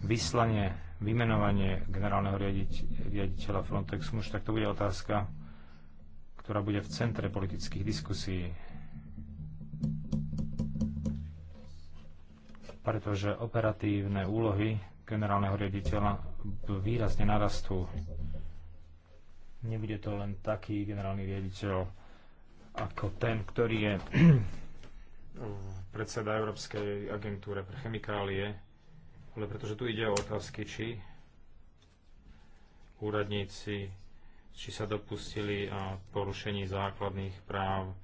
vyslanie, vymenovanie generálneho riaditeľa Frontexu, už tak to bude otázka, ktorá bude v centre politických diskusí pretože operatívne úlohy generálneho riaditeľa výrazne narastú. Nebude to len taký generálny riaditeľ ako ten, ktorý je predseda Európskej agentúre pre chemikálie, ale pretože tu ide o otázky, či úradníci, či sa dopustili a porušení základných práv e,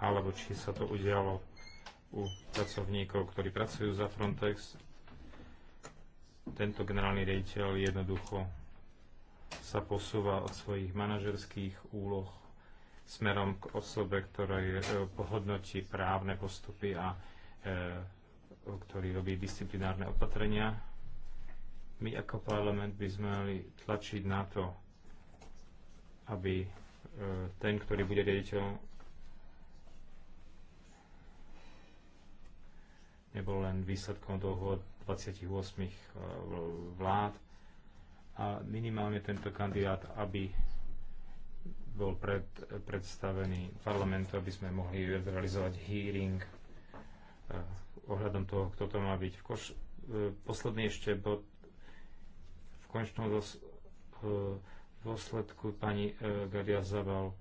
alebo či sa to udialo u pracovníkov, ktorí pracujú za Frontex. Tento generálny riaditeľ jednoducho sa posúva od svojich manažerských úloh smerom k osobe, ktorá e, pohodnotí právne postupy a e, ktorý robí disciplinárne opatrenia. My ako parlament by sme mali tlačiť na to, aby e, ten, ktorý bude riaditeľom nebol len výsledkom dohod 28 eh, vlád. A minimálne tento kandidát, aby bol pred, predstavený parlamentu, aby sme mohli realizovať hearing eh, ohľadom toho, kto to má byť. V koš, eh, posledný ešte bod v končnom dôsledku pani Gadia Zaval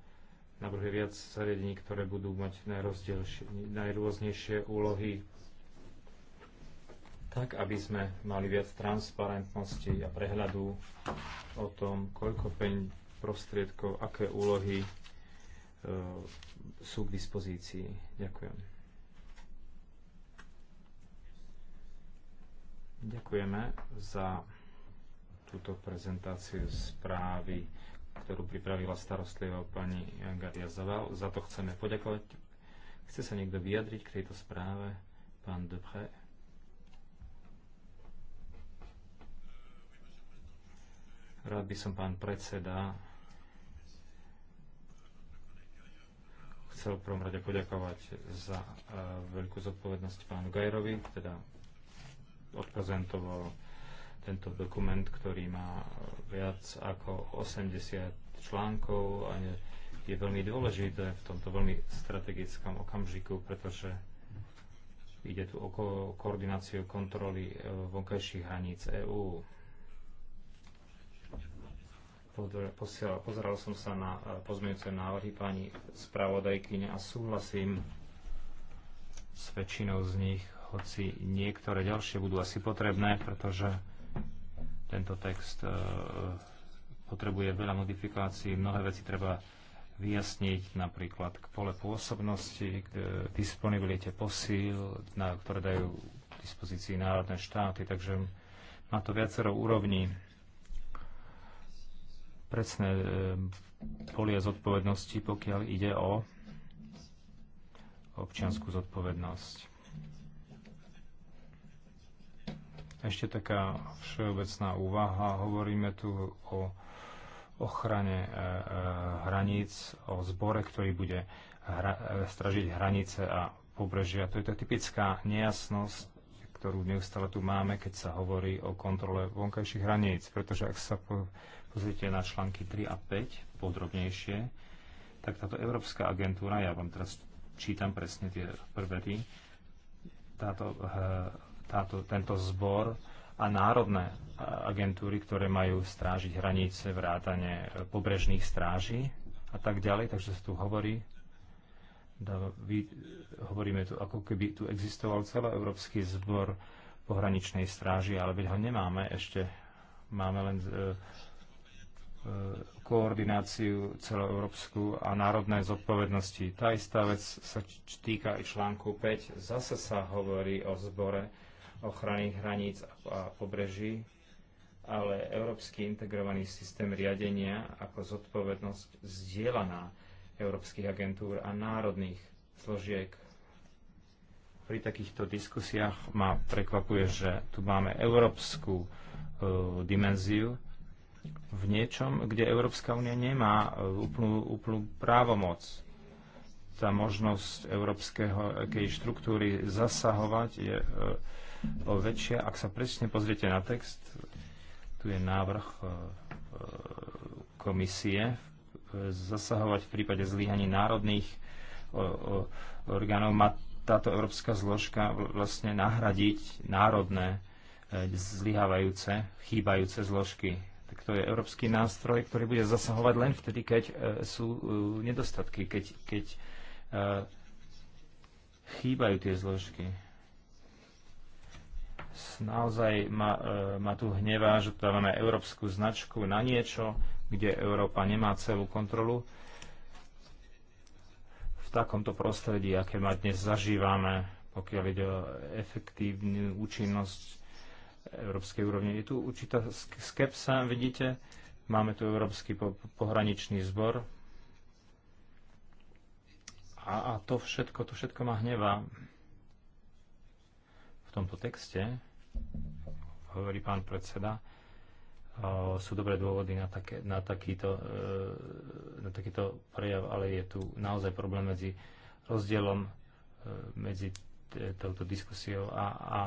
navrhuje viac zariadení, ktoré budú mať najrôznejšie úlohy tak aby sme mali viac transparentnosti a prehľadu o tom, koľko peň prostriedkov, aké úlohy e, sú k dispozícii. Ďakujem. Ďakujeme za túto prezentáciu správy, ktorú pripravila starostlivá pani Gadia Zaval. Za to chceme poďakovať. Chce sa niekto vyjadriť k tejto správe? Pán Depré. Rád by som, pán predseda, chcel v prvom rade poďakovať za e, veľkú zodpovednosť pánu Gajerovi, teda odprezentoval tento dokument, ktorý má viac ako 80 článkov a je veľmi dôležité v tomto veľmi strategickom okamžiku, pretože ide tu o koordináciu kontroly e, vonkajších hraníc EÚ. Pozeral som sa na eh, pozmeňujúce návrhy pani spravodajkyne a súhlasím s väčšinou z nich, hoci niektoré ďalšie budú asi potrebné, pretože tento text eh, potrebuje veľa modifikácií, mnohé veci treba vyjasniť napríklad k pole pôsobnosti, k eh, disponibilite posíl, na ktoré dajú k dispozícii národné štáty, takže má to viacero úrovní presné e, polie zodpovednosti, pokiaľ ide o občianskú zodpovednosť. Ešte taká všeobecná úvaha. Hovoríme tu o ochrane e, e, hraníc, o zbore, ktorý bude stražiť hranice a pobrežia. To je tá typická nejasnosť, ktorú neustále tu máme, keď sa hovorí o kontrole vonkajších hraníc. Pretože ak sa pozrite na články 3 a 5 podrobnejšie, tak táto Európska agentúra, ja vám teraz čítam presne tie prvety, táto, eh, táto, tento zbor a národné eh, agentúry, ktoré majú strážiť hranice, vrátane eh, pobrežných stráží a tak ďalej, takže sa tu hovorí No, vy, hovoríme tu, ako keby tu existoval celoeurópsky zbor pohraničnej stráži, ale veď ho nemáme ešte. Máme len e, e, koordináciu celoeurópsku a národné zodpovednosti. Tá istá vec sa týka aj článku 5. Zase sa hovorí o zbore ochrany hraníc a, a pobreží, ale európsky integrovaný systém riadenia ako zodpovednosť zdieľaná európskych agentúr a národných zložiek. Pri takýchto diskusiách ma prekvapuje, že tu máme európsku e, dimenziu v niečom, kde Európska únia nemá e, úplnú, úplnú právomoc. Tá možnosť európskeho štruktúry zasahovať je e, väčšia. Ak sa presne pozriete na text, tu je návrh e, e komisie v zasahovať v prípade zlyhaní národných orgánov. Má táto európska zložka vlastne nahradiť národné e, zlyhávajúce, chýbajúce zložky. Tak to je európsky nástroj, ktorý bude zasahovať len vtedy, keď e, sú e, nedostatky, keď, keď chýbajú tie zložky naozaj ma, ma tu hnevá, že tu dávame európsku značku na niečo, kde Európa nemá celú kontrolu. V takomto prostredí, aké ma dnes zažívame, pokiaľ ide o efektívnu účinnosť európskej úrovne. Je tu určitá skepsa, vidíte. Máme tu Európsky po pohraničný zbor. A, a to všetko, to všetko ma hnevá. V tomto texte hovorí pán predseda, sú dobré dôvody na, také, na, takýto, e, na takýto prejav, ale je tu naozaj problém medzi rozdielom e, medzi touto diskusiou a, a,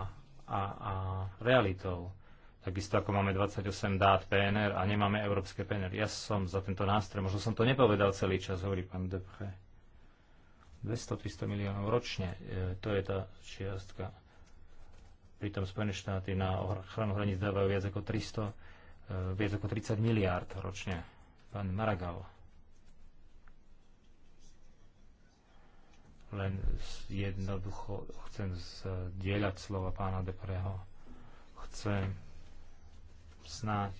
a, a realitou. Takisto ako máme 28 dát PNR a nemáme európske PNR. Ja som za tento nástroj, možno som to nepovedal celý čas, hovorí pán Depre. 200-300 miliónov ročne, e, to je tá čiastka. Pritom Spojené štáty na ochranu hraníc dávajú viac ako 300 Eh, viac ako 30 miliárd ročne. Pán Maragal. Len jednoducho chcem zdieľať slova pána Depreho. Chcem snáď.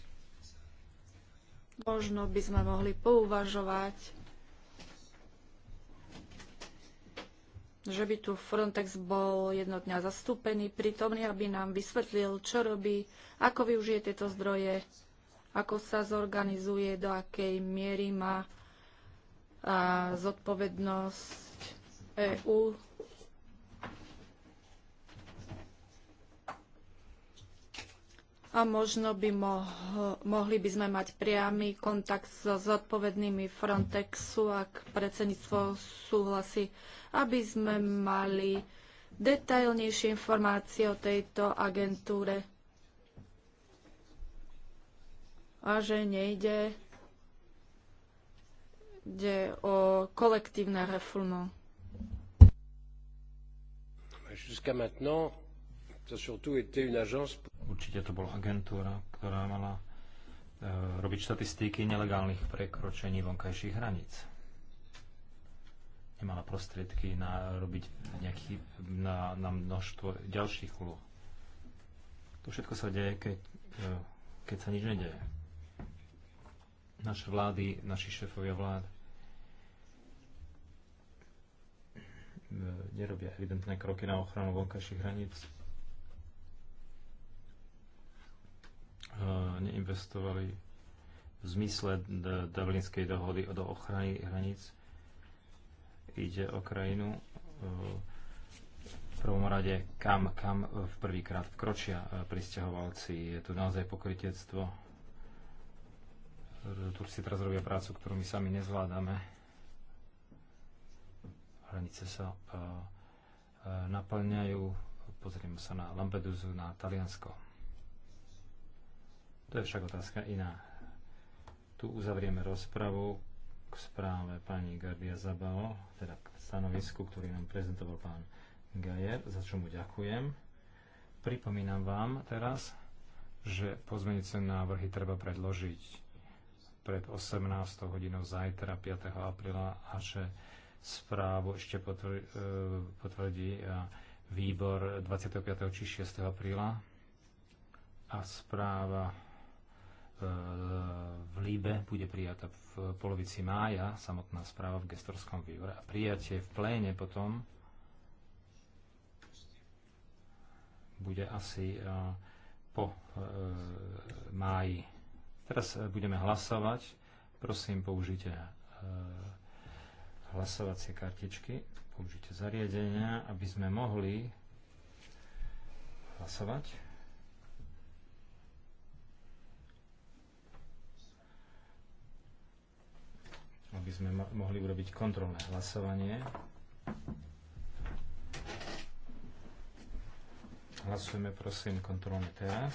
Možno by sme mohli pouvažovať že by tu Frontex bol jednotne zastúpený, prítomný, aby nám vysvetlil, čo robí, ako využije tieto zdroje, ako sa zorganizuje, do akej miery má a zodpovednosť EÚ a možno by mo- mohli by sme mať priamy kontakt so zodpovednými Frontexu, ak predsedníctvo súhlasí, aby sme mali detailnejšie informácie o tejto agentúre. A že nejde ide o kolektívne reformu. Jusqu'à maintenant, Určite to bola agentúra, ktorá mala e, robiť štatistiky nelegálnych prekročení vonkajších hraníc. Nemala prostriedky na robiť nejaký, na, na množstvo ďalších úloh. To všetko sa deje, keď, e, keď sa nič nedeje. Naše vlády, naši šéfovia vlád e, nerobia evidentné kroky na ochranu vonkajších hraníc, neinvestovali v zmysle Dublinskej dohody do ochrany hraníc. Ide o krajinu e, v prvom rade, kam, kam v prvýkrát vkročia e, pristahovalci. Je tu naozaj pokritectvo. E, Turci teraz robia prácu, ktorú my sami nezvládame. Hranice sa naplňajú. Pozrieme sa na Lampedusu, na Taliansko. To je však otázka iná. Tu uzavrieme rozpravu k správe pani Gardia Zabal, teda k stanovisku, ktorý nám prezentoval pán Gajer, za čo mu ďakujem. Pripomínam vám teraz, že pozmeňujúce návrhy treba predložiť pred 18. hodinou zajtra 5. apríla a že správu ešte e, potvrdí e, výbor 25. či 6. apríla a správa v Líbe bude prijatá v polovici mája, samotná správa v gestorskom výbore a prijatie v pléne potom bude asi e, po e, máji. Teraz e, budeme hlasovať. Prosím, použite hlasovacie kartičky, použite zariadenia, aby sme mohli hlasovať. aby sme mohli urobiť kontrolné hlasovanie. Hlasujeme prosím kontrolne teraz.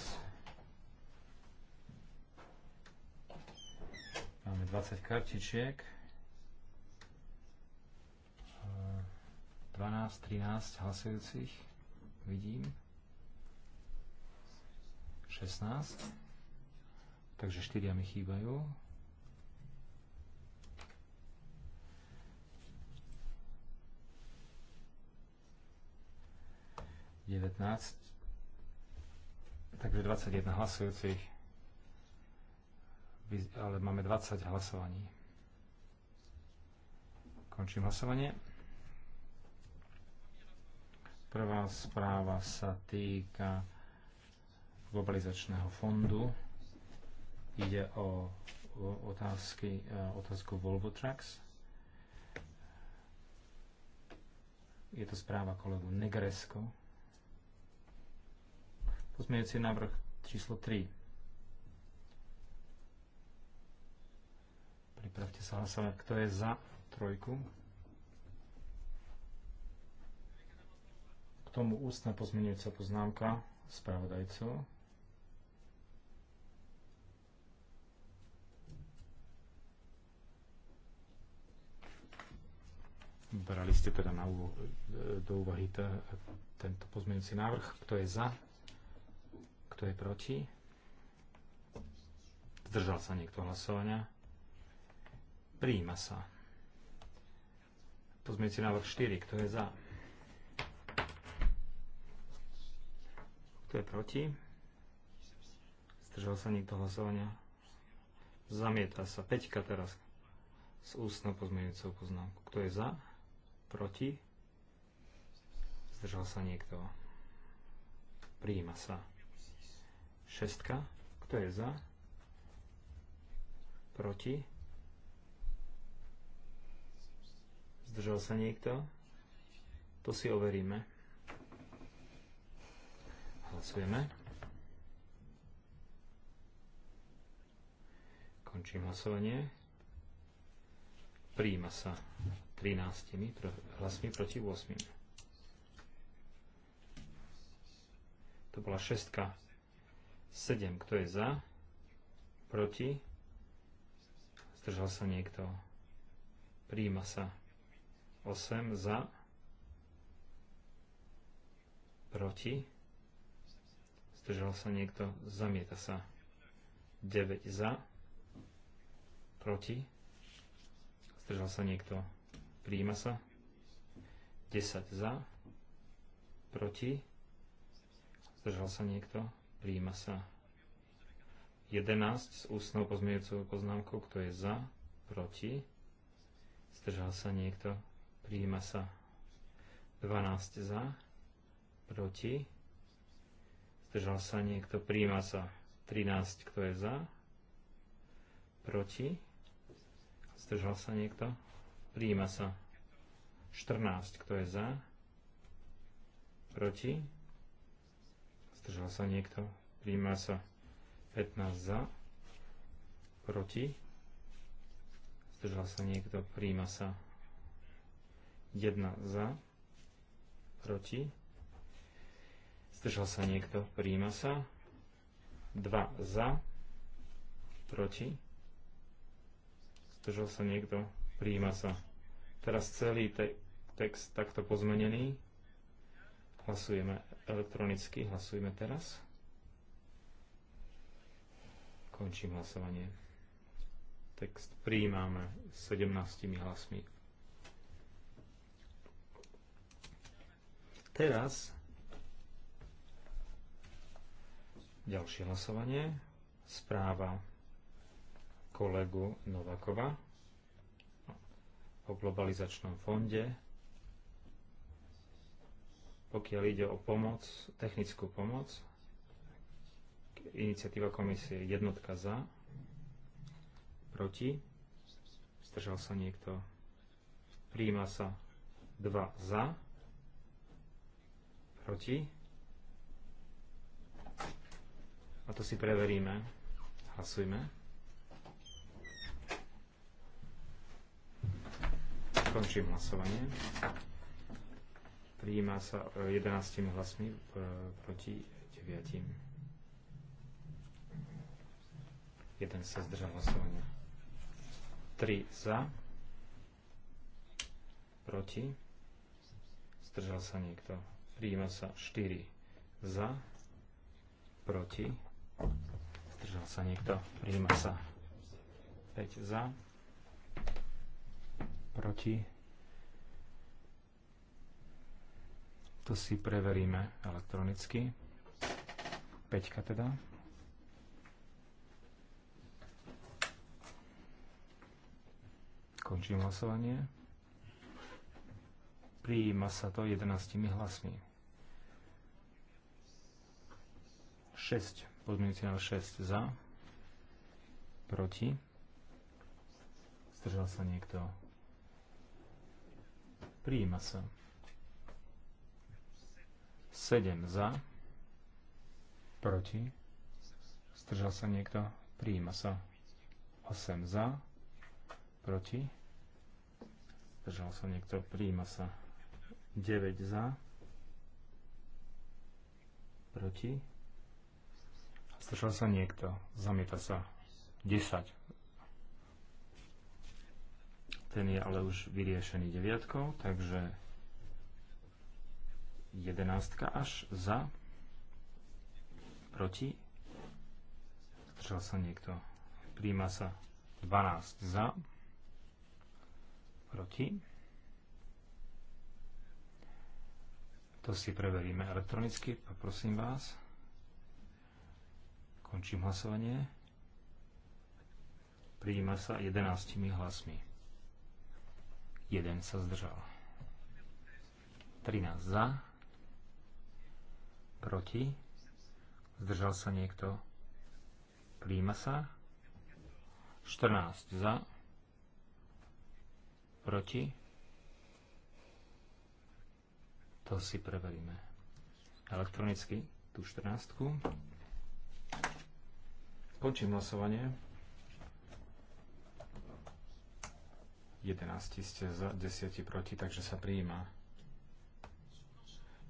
Máme 20 kartičiek. 12, 13 hlasujúcich vidím. 16. Takže 4 mi chýbajú. 19. Takže 21 hlasujúcich. Ale máme 20 hlasovaní. Končím hlasovanie. Prvá správa sa týka globalizačného fondu. Ide o, otázky, eh, otázku Volvo Trucks. Je to správa kolegu Negresko. Pozmeňujúci návrh číslo 3. Pripravte sa hlasovať, kto je za trojku. K tomu ústna pozmeňujúca poznámka spravodajcov. Brali ste teda na, do úvahy tento pozmeňujúci návrh. Kto je za? Kto je proti? Zdržal sa niekto hlasovania? Prijíma sa. si návrh 4. Kto je za? Kto je proti? Zdržal sa niekto hlasovania? Zamieta sa. Peťka teraz s ústnou pozmeňujúcou poznámku. Kto je za? Proti? Zdržal sa niekto? Prijíma sa. 6. Kto je za? Proti? Zdržal sa niekto? To si overíme. Hlasujeme. Končím hlasovanie. Príjima sa 13 hlasmi proti 8. To bola šestka 7. Kto je za? Proti? Zdržal sa niekto? Príjima sa. 8. Za? Proti? Zdržal sa niekto? Zamieta sa. 9. Za? Proti? Zdržal sa niekto? Príjima sa. 10. Za? Proti? Zdržal sa niekto? Príjima sa. 11 s ústnou pozmeňujúcou poznámkou, kto je za, proti. Zdržal sa niekto. Príjima sa. 12 za, proti. Zdržal sa niekto. Príjima sa. 13, kto je za, proti. Zdržal sa niekto. Príjima sa. 14, kto je za, proti Zdržal sa niekto? Príjma sa 15 za. Proti? Zdržal sa niekto? Príjma sa 1 za. Proti? Zdržal sa niekto? Príjma sa 2 za. Proti? Zdržal sa niekto? Príjma sa. Teraz celý te text takto pozmenený. Hlasujeme Elektronicky hlasujme teraz. Končím hlasovanie. Text prijímame 17 hlasmi. Teraz ďalšie hlasovanie. Správa kolegu Novakova o globalizačnom fonde pokiaľ ide o pomoc, technickú pomoc, iniciatíva komisie jednotka za, proti, zdržal sa niekto, príjma sa 2 za, proti, a to si preveríme, hlasujme. Končím hlasovanie. Prijíma sa 11 e, hlasmi e, proti 9. Jeden sa zdržal hlasovania. 3 za. Proti. Zdržal sa niekto. Prijíma sa 4 za. Proti. Zdržal sa niekto. Prijíma sa 5 za. Proti To si preveríme elektronicky. Peťka teda. Končím hlasovanie. Prijíma sa to 11 hlasmi. 6, pozmeňujúci na 6 za, proti. Zdržal sa niekto. Prijíma sa. 7 za, proti, zdržal sa niekto, prijíma sa 8 za, proti, zdržal sa niekto, prijíma sa 9 za, proti, zdržal sa niekto, zamieta sa 10. Ten je ale už vyriešený deviatkou, takže 11 až za, proti, zdržal sa niekto, príjma sa 12 za, proti. To si preveríme elektronicky, poprosím vás. Končím hlasovanie. príjma sa 11 hlasmi. 1 sa zdržal. 13 za, Proti? Zdržal sa niekto? Príjma sa? 14 za. Proti? To si preveríme. Elektronicky tú 14. -ku. Končím hlasovanie. 11 ste za, 10 proti, takže sa prijíma.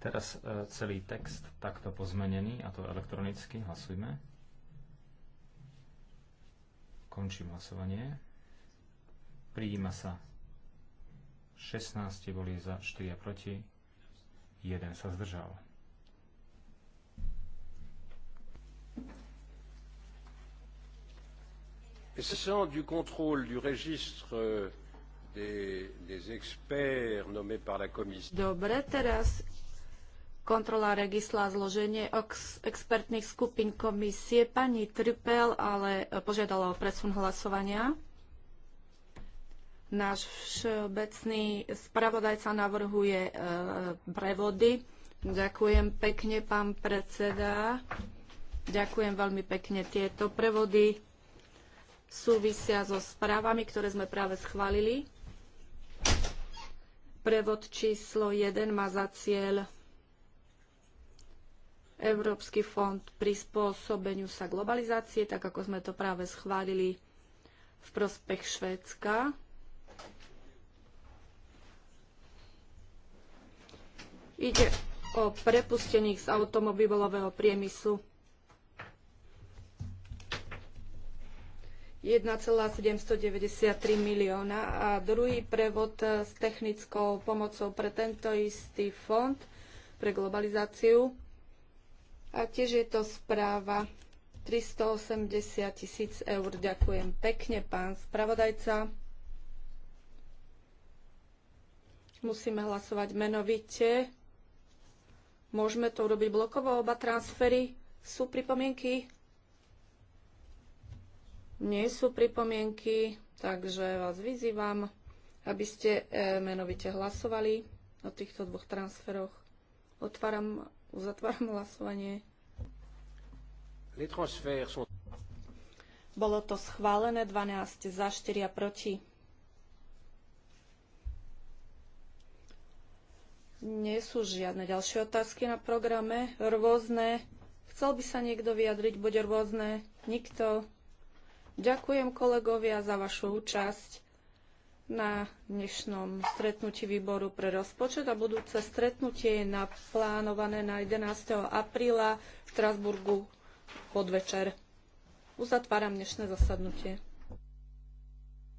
Teraz e, celý text takto pozmenený, a to elektronicky. Hlasujme. Končím hlasovanie. Prijíma sa 16 boli za, 4 proti, 1 sa zdržal. S'agissant du contrôle du registre euh, des, des experts nommés par la Commission. Dobre, teraz kontrola regisla a zloženie expertných skupín komisie. Pani Trpel ale požiadala o presun hlasovania. Náš všeobecný spravodajca navrhuje e, prevody. Ďakujem pekne, pán predseda. Ďakujem veľmi pekne. Tieto prevody súvisia so správami, ktoré sme práve schválili. Prevod číslo 1 má za cieľ Európsky fond prispôsobeniu sa globalizácie, tak ako sme to práve schválili v prospech Švédska. Ide o prepustených z automobilového priemyslu. 1,793 milióna a druhý prevod eh, s technickou pomocou pre tento istý fond pre globalizáciu a tiež je to správa 380 tisíc eur. Ďakujem pekne, pán spravodajca. Musíme hlasovať menovite. Môžeme to urobiť blokovo, oba transfery. Sú pripomienky? Nie sú pripomienky, takže vás vyzývam, aby ste eh, menovite hlasovali o týchto dvoch transferoch. Otváram Uzatváram hlasovanie. Bolo to schválené 12 za 4 a proti. Nie sú žiadne ďalšie otázky na programe. Rôzne. Chcel by sa niekto vyjadriť, bude rôzne. Nikto. Ďakujem kolegovia za vašu účasť na dnešnom stretnutí výboru pre rozpočet a budúce stretnutie je naplánované na 11. apríla v Strasburgu podvečer. Uzatváram dnešné zasadnutie.